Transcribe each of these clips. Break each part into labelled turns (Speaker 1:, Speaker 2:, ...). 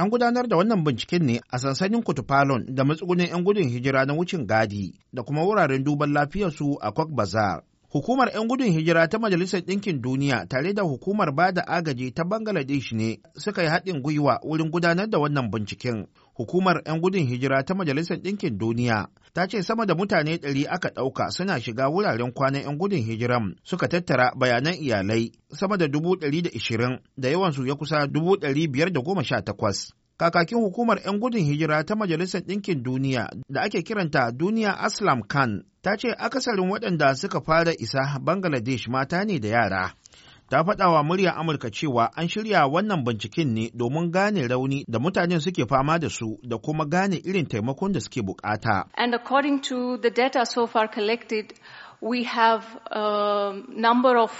Speaker 1: An gudanar da wannan binciken ne a sansanin Kutupalon da matsugunin 'yan gudun hijira na wucin gadi da kuma wuraren duban lafiyarsu a Cox's Bazar. Hukumar 'yan gudun hijira ta Majalisar Ɗinkin Duniya tare da hukumar ba da agaji ta Bangladesh ne suka yi haɗin gwiwa wurin gudanar da wannan binciken. Hukumar 'yan gudun hijira ta Majalisar Ɗinkin Duniya ta ce sama da mutane ɗari aka ɗauka suna shiga wuraren kwanan 'yan gudun hijiran suka tattara bayanan iyalai sama da dubu ɗari da ishirin da yawansu ya kusa dubu ɗari biyar da goma sha takwas. kakakin hukumar 'yan gudun hijira ta Majalisar Ɗinkin Duniya da ake kiranta Duniya Aslam Khan ta ce akasarin waɗanda suka fara isa Bangladesh mata ne da yara. Ta faɗa wa murya Amurka cewa an shirya wannan binciken ne domin gane rauni da mutanen suke fama da su da kuma gane irin taimakon da suke bukata.
Speaker 2: And according to the data so far collected, we have a number of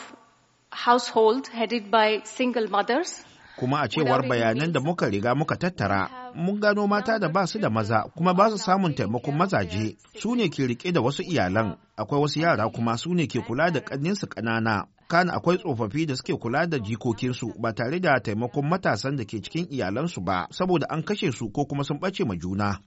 Speaker 2: household headed by single mothers.
Speaker 1: kuma a cewar bayanan da muka riga muka tattara mun gano mata da ba su da maza kuma ba su samun taimakon mazaje su ne ke rike da wasu iyalan akwai wasu yara kuma su ne ke kula da ƙanninsu ƙanana kana akwai tsofaffi da suke kula da jikokinsu ba tare da taimakon matasan da ke cikin iyalansu ba saboda an kashe su ko kuma sun ɓace ma juna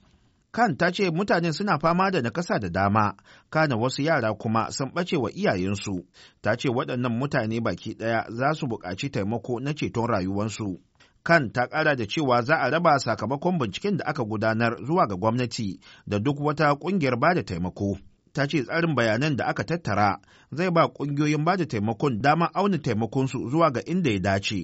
Speaker 1: Kan ta ce mutane suna fama da nakasa da dama, kana wasu yara kuma sun ɓace wa iyayensu. Ta ce waɗannan mutane baki ɗaya za su buƙaci taimako na ceton rayuwarsu. Kan ta ƙara da cewa za a raba sakamakon binciken da aka gudanar zuwa ga gwamnati da duk wata ƙungiyar ba da taimako. ta ce tsarin bayanan da aka tattara zai ba ƙungiyoyin ba da taimakon dama auna taimakonsu zuwa ga inda ya dace